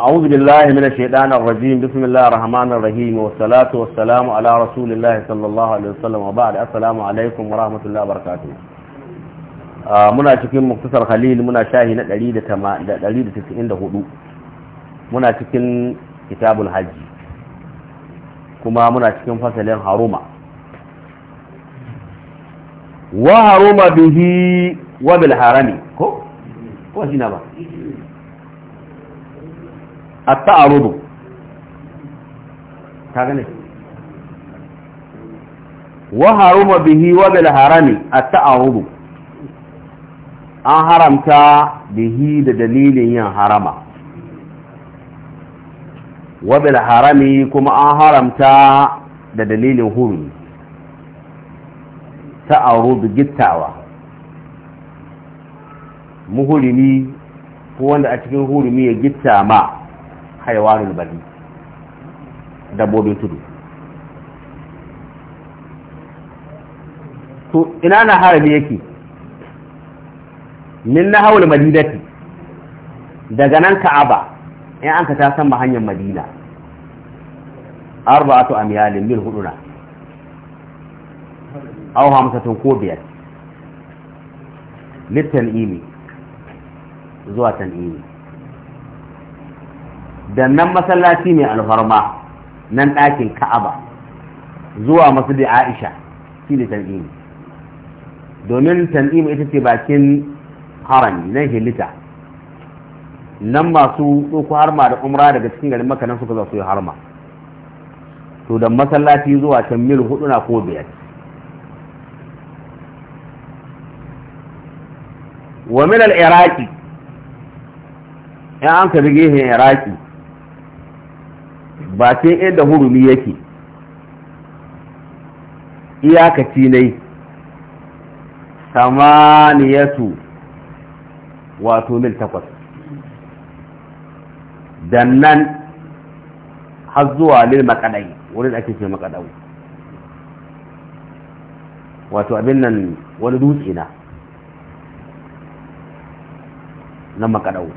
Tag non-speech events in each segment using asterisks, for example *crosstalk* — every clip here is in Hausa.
أعوذ بالله من الشيطان الرجيم بسم الله الرحمن الرحيم والصلاة والسلام على رسول الله صلى الله عليه وسلم وبعد السلام عليكم ورحمة الله وبركاته muna cikin muktasar khalil muna shahi na 194 muna cikin kitabul hajji kuma muna cikin fasalin haruma wa haruma bihi wa bil harami ko ko shi na ba at-ta'arudu ka gane wa haruma bihi wa bil harami at-ta'arudu an haramta bihi da dalilin yin harama wa bil harami kuma an haramta da dalilin hurumi ta'arudu gittawa muhurimi ko wanda a cikin hurumi ya gitta ma haiwanul bari dabbobin tudu to ina na harami yake min na haul madinati daga nan ka'aba in an ka ta san ma hanyar madina arba'atu amyalin mil huduna aw hamsatun ko biyar littan imi zuwa tan'imi da nan masallaci ne alfarma nan ɗakin ka'aba zuwa masu da aisha shi ne Tanimu domin Tanimu ita ce bakin haram nan hilita nan masu ɗauko harma da umra daga cikin garin maka nan suka zo su yi harma to da masallaci zuwa can mil hudu na ko biyar wa min al-iraqi ya an ka bi gehen iraqi ba sai inda hurumi yake iyakaci ne samaniyatu wato mil takwas dan nan har zuwa lil makadai wani da ake ce makadau wato abin nan wani dutse na na makadau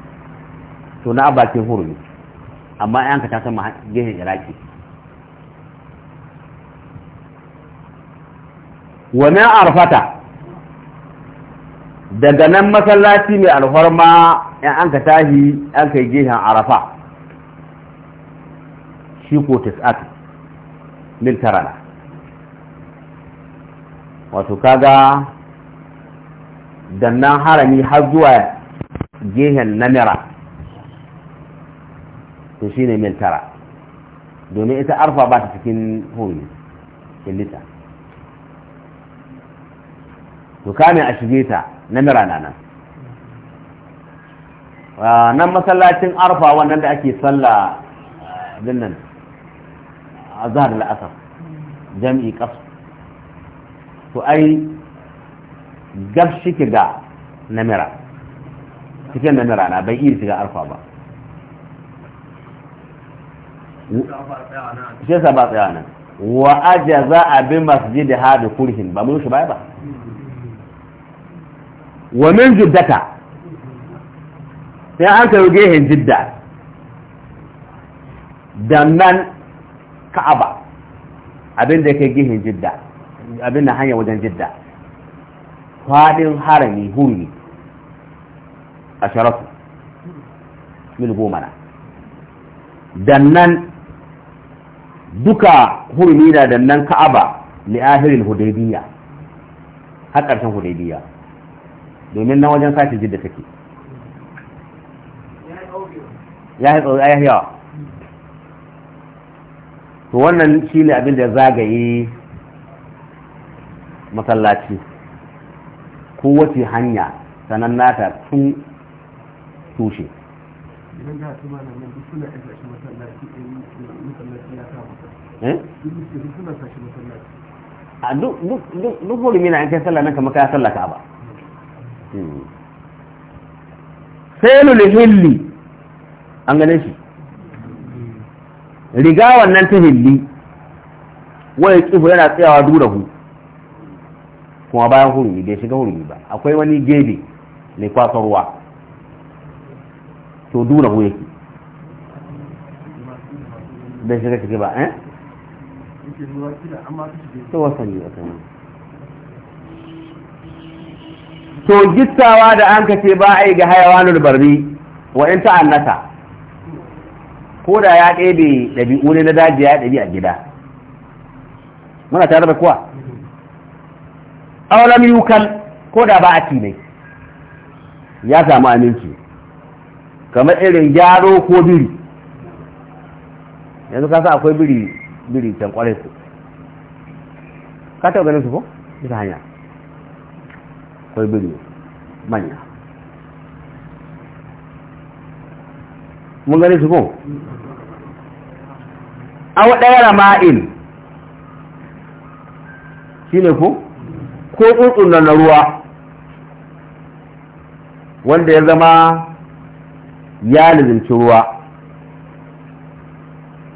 to na bakin hurumi amma yanka ta sama gehen iraki wa arfata daga nan masallaci mai alfarma in an ka tashi an kai gehen arafa shi ko tis'at mil tarana wato kaga dannan harami har zuwa gehen namira to shine mil tara domin ita arfa ba ta cikin homi kilita to kame a shige ta na mira na nan nan masallacin arfa wannan da ake sallah din nan a zahar la'asar jam'i kasu to ai gab shi ga namira cikin namira na bai iya shiga arfa ba shi yasa ba tsaya nan wa a bi masjid hadu kurhin ba mun shi ba ba wa min jiddata sai an yoge hin jidda da nan ka'aba abin da yake gehen jidda abin na hanya wajen jidda faɗin harami hurmi a sharafu mil goma na da nan duka hurumi na da nan ka'aba li ahirin hudaybiya har ƙarshen hudaybiya domin nan wajen sashi jidda take ya yi tsawo ya yawa to wannan shi ne abin da zagaye masallaci ko wace hanya sanannata nata tun tushe idan za su mana nan duk suna aika shi masallaci eh, masallaci ya kama eh duk suna sa masallaci a duk duk duk mulmi na kai sallah nan kamar ka sallah ka ba hmm. sailul hilli an gane shi hmm. riga wannan ta hilli wani kifu yana tsayawa hu kuma bayan hurumi bai shiga hurumi ba akwai wani gebe mai kwasarwa to duna hu yake bai shiga ciki ba eh to wasanni to gittawa da an kace ba a yi ga hayawanul barri wa in ta'annata ko da ya ɗebe ɗabi'u ne na daji ya ɗabi a gida muna tare da kuwa awalam yukal ko da ba a ci ne ya samu aminci kamar irin gyaro ko biri yanzu kasa akwai biri biri can kwarai su ka taɓa ganin su ko ita hanya akwai biri manya mun gani su ko aw ɗaya ma'in shi ne ko ko tsuntsun na ruwa wanda ya zama ya lizinci ruwa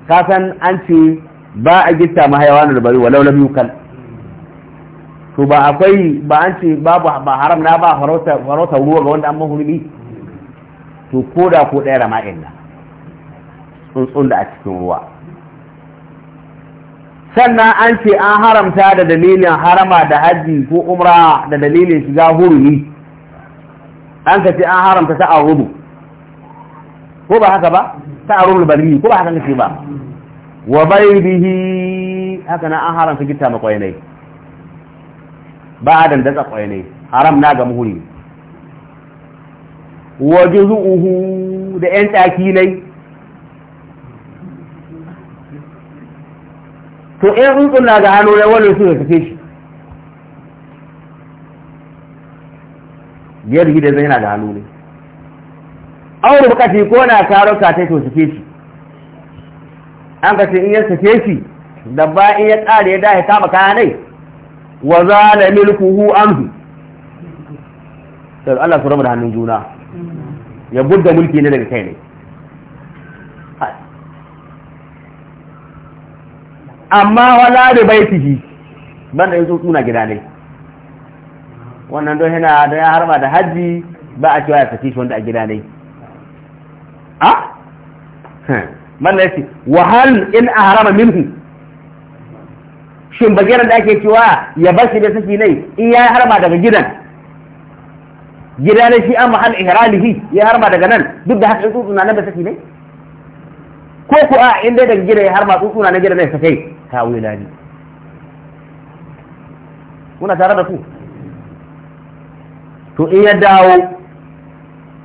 kasan an ce ba a gitta mahaiwa da bari walau lam yukal to ba akwai ba an ce babu ba haram na ba farauta farauta ruwa ga wanda an mahurmi to ko da ko ɗaya rama'in na tsuntsun da a cikin ruwa sannan an ce an haramta da dalilin harama da hajji ko umra da dalilin shiga hurumi an ka ce an haramta ta a rubu ko ba haka ba ta'arul balmi ko ba haka nake ba wa baydihi haka na an haramta gitta kwainai ba adan da tsakwainai haram na ga muhuri wa juzuhu da yan taki nai to in tsuntsun na ga hannu ne wani su ka kafe shi biyar da zai yana ga hannu ne aure bukati ko na karo ka ta to shi an ka ce in ya sake shi dabba in ya tsari ya dahi kama kayanai wa hu an amhu sai Allah su rama da hannun juna ya budda mulki ne daga kai ne amma wala da baitihi banda yanzu tsuna gida ne wannan don yana ya harba da hajji ba a cewa ya sake shi wanda a gida ne a manna yace wa in ahrama minhu shin bagiran da ake cewa ya bar shi da saki nai in ya harma daga gidan gida shi an mahal ihralihi ya harma daga nan duk da haka tsutsu na nan da saki nai ko ku a in dai daga gida ya harma tsutsu na gida ne sakai tawila ne kuna tare da ku to in ya dawo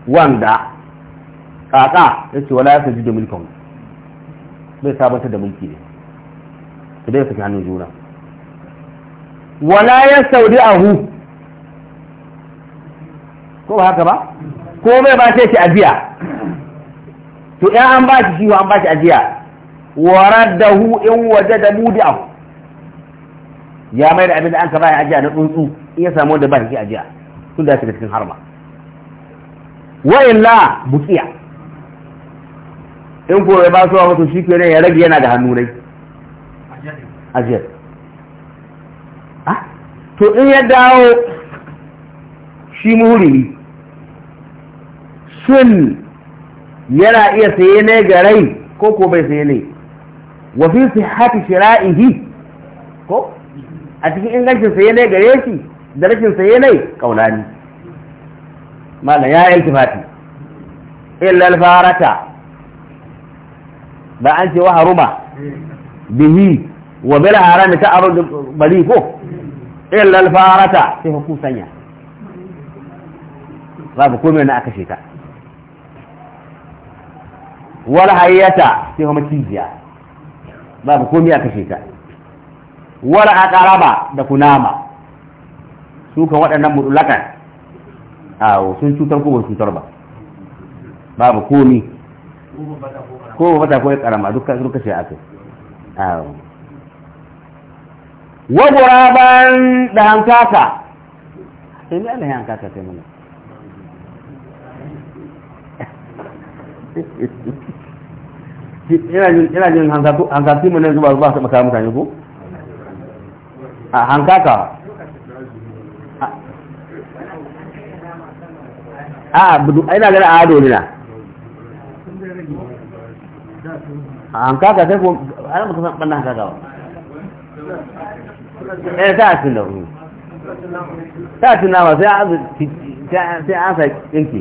wanda kaka ya ce wala ya saji da mulkin bai sabanta da mulki ne su dai saki hannun juna wala ya saudi hu ko ba haka ba ko mai ba ce shi ajiya to in an ba shi shi an ba shi ajiya hu in waje da mudi a ya mai da abin da an ka bayan ajiya na tsuntsu in ya samu wanda ba shi ajiya tun da ya shiga cikin harma wa'in la bukiya in ko ya ba su wa mutu shi ke ya rage yana da hannu rai ajiyar ah, to in ya dawo shi muhurimi sun yana iya saye ne ga rai ko ko bai saye ne wa fi sihhati shira'ihi ko a cikin ingancin saye ne gare shi da rashin saye ne kaunani malam ya iltifati illa alfarata ba an ce wa haruma bihi wa bil haram ta abu bari ko illa al farata sai ku sanya babu komai na aka sheka wal hayyata sai kuma cijiya babu komai aka sheka wal aqraba da kunama su kan waɗannan mutulakan awo sun cutar ko ba cutar ba babu komai. ko ba ko ya karama duka duka sai aka wa guraban da hankaka eh ne Allah hankaka sai mun ina jin ina jin hankaka hankaka mun zuba zuwa su maka mutane ko a hankaka a ina gani a adolina na an kaka sai kuma, ana muka san bannan kaka ba eh ta asin da ru ta asin na sai an sa an sai dinki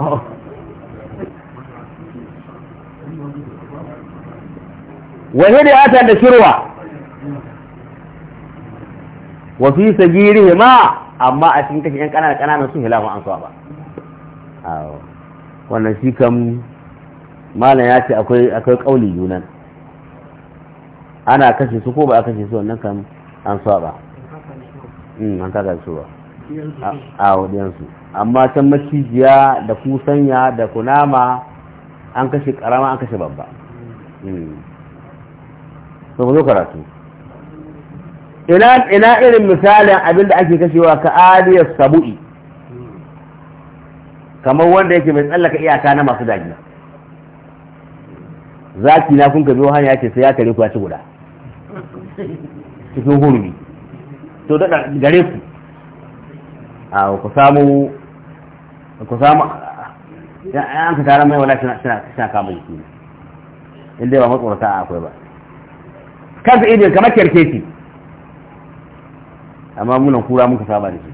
oh wahidi ata da shirwa wafi girin ma amma a cikin kashi yan kanana ƙananan sun hilafa an ba. wannan shi kam malam ya ce akwai akwai kauli junan ana kashe su ko ba a kashe su wannan kam an saba mm an kaka su ba a wadiyansu amma can macijiya da kusanya da kunama an kashe karama an kashe babba so hmm. ku zo karatu ina irin misalin abinda ake kashewa ka adiyar sabu'i kamar wanda yake mai tsallaka iyaka na masu za zaki na kun kabi hanya ce sai ya kare ku ya ci guda cikin hurumi to da gare ku a ku samu ku samu an ka tara mai wala suna kama jiki inda ba matsorata akwai ba kansa ido kamar kyarkeci amma munan kura muka saba da shi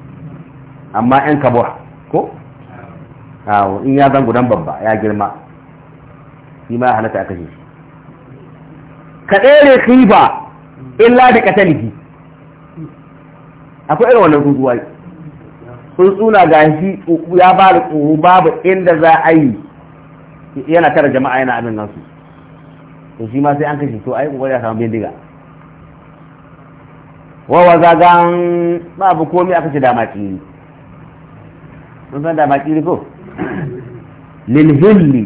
amma yan kabura ko awo in ya zan gudan babba ya girma shi ma halatta aka shi ka tsere khifa illa da katalihi akwai irin wannan tsuntsuwa sun suna ga shi ya ba da tsoro babu inda za a yi yana tara jama'a yana abin nan su to shi ma sai an kashe to ai kokari a samu bindiga wawa zagan babu komai aka ce dama kiri sun san dama kiri ko lilhilli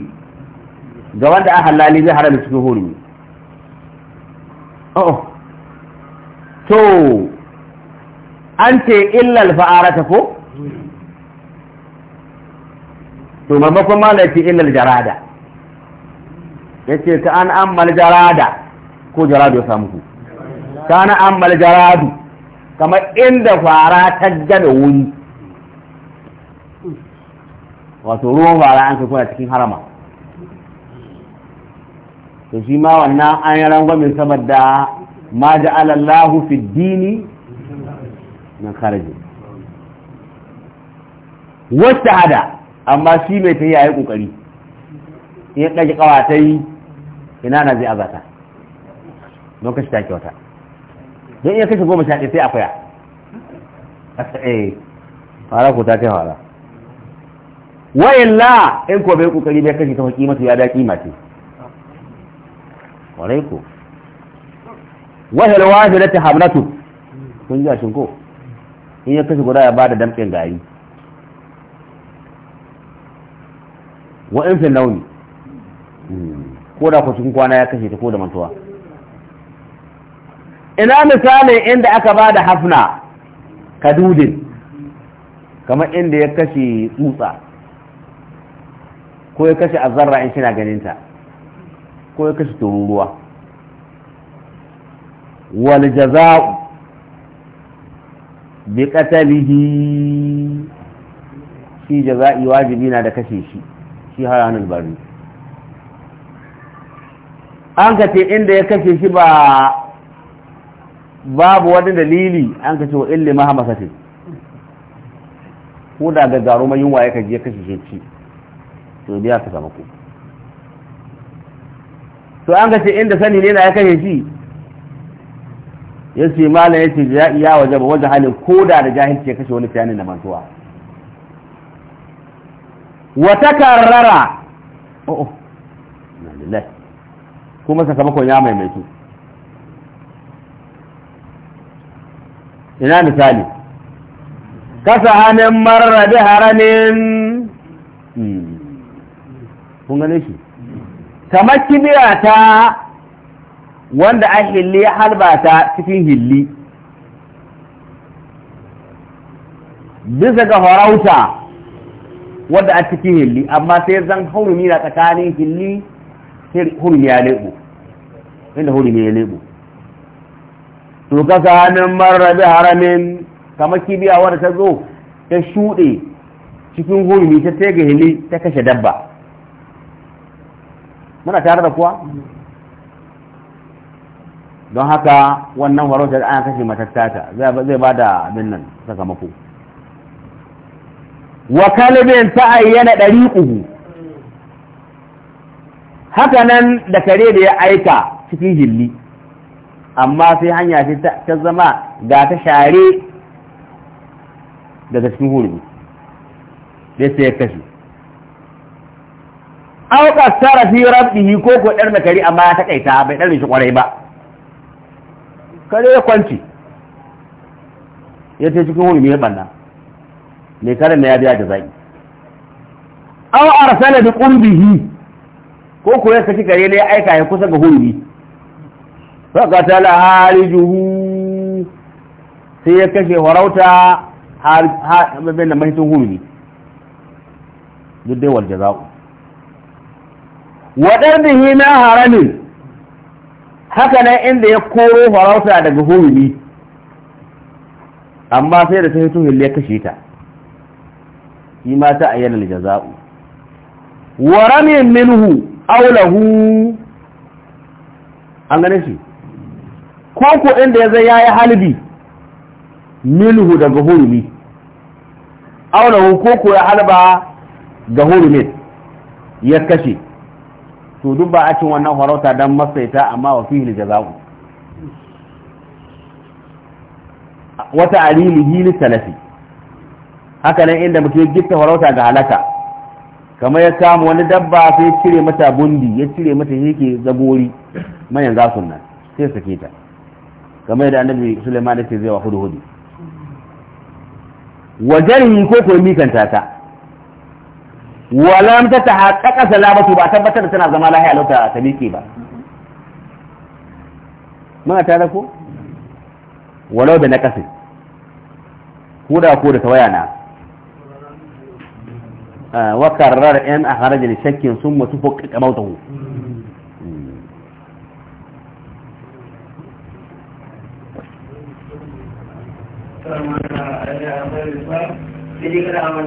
ga wanda an halali zai harami cikin hurumi oh, oh to an ce illal fa'arata ko to maimakon ma na ce illal jarada ya ce ta an ammal jarada ko jaradu ya samu ku Ta an ammal jaradu kamar inda fara ta gada wuri wato ruwan bara an kai kuna cikin harama to shi ma wannan an yi rangwamin saboda ma da Allahu fi dini na kharajin wata hada amma shi mai ta yayi kokari in ya kaji kawatai ina na zai azata don kashi take wata don iya kashe goma sha ɗaya sai akwai a *laughs* eh fara ko ta kai fara wa'illa in ko bai kokari bai kashe ta fa kimatu ya da kima ce alaiku wahil wahilati hamnatu kun ji shin ko in ya kashe guda ya bada damkin gari wa in fil nawmi ko da ku cikin kwana ya kashe ta ko da mantuwa ina misalin inda aka bada hafna kadudin kamar inda ya kashe tsutsa ko ya kashe azarra in shi na ganinta ko ya kashe tururuwa wal jaza'u bi qatalihi shi jaza'i wajibi na da kashe shi shi haranul bari an ka ce inda ya kashe shi ba babu wani dalili an ka ce wa illi mahamasatin ko da gagarumar yunwa ya kaji ya kashe shi to biya ka samu ku to an ga ce inda sani ne na ya kashe shi ya ce mala ya ce ya waje ba wajen halin koda da jahilci ya kashe wani fiyanin da mantuwa wata karrara oh, oh na lillahi kuma sakamakon ya maimaitu ina misali kasa hannun marar da haramin hmm, kun gane shi kamar kibira ta wanda a hilli ya halba ta cikin hilli bisa ga farauta wadda a cikin hilli amma sai zan hurumi na tsakanin hilli hurumi ya lebo inda hurumi ya lebo to kasa hannun marrabi haramin kamar kibiya wadda ta zo ta shuɗe cikin hurumi ta tega hilli ta kashe dabba muna tare da kuwa don haka wannan warautar an kashe matattata zai ba da abin nan sakamako wa kalibin ta ayyana ɗari ƙuhu haka nan da kare da ya aika cikin hilli amma sai hanya ce ta zama ga ta share daga cikin hulmi sai sai ya aw qasara fi rabbihi ko ko dar kari amma ya takaita bai dare shi kwarai ba kare ya kwanci ya ce cikin wuri mai banna mai kare na ya biya jazai aw arsala bi qurbihi ko ko ya saki kare ne ya aika ya kusa ga hurbi fa qatala harijuhu sai ya kashe warauta har har mai mahitin hurbi duk dai wal jaza'u waɗar bihi na haramin haka nan inda ya koro farauta daga hurumi amma sai da ta hito ya kashe ta yi ma ta yanar jaza'u wa ramin minhu aulahu an gane shi ko inda ya zai yayi halibi minhu daga hurumi aulahu koko ya halba ga hurumin ya kashe to duk ba a cin wannan farauta don masaita amma wa fihi jaza'u wata alili hili salafi haka nan inda mutum ya gitta farauta ga halaka kamar ya samu wani dabba sai ya cire mata bundi ya cire mata yake zagori za su nan sai sake ta kamar yadda annabi Sulaiman yake zai wa hudu hudu wajen ko ko mikanta ta walam ta ta haƙaƙa salamatu ba tabbatar da tana zama lahiya lauta ta miƙe ba muna tare ko walau da na kasin ko da ko da tawaya na wa karrar yan a harajar shakkin sun mutu fuka kamautahu Thank you.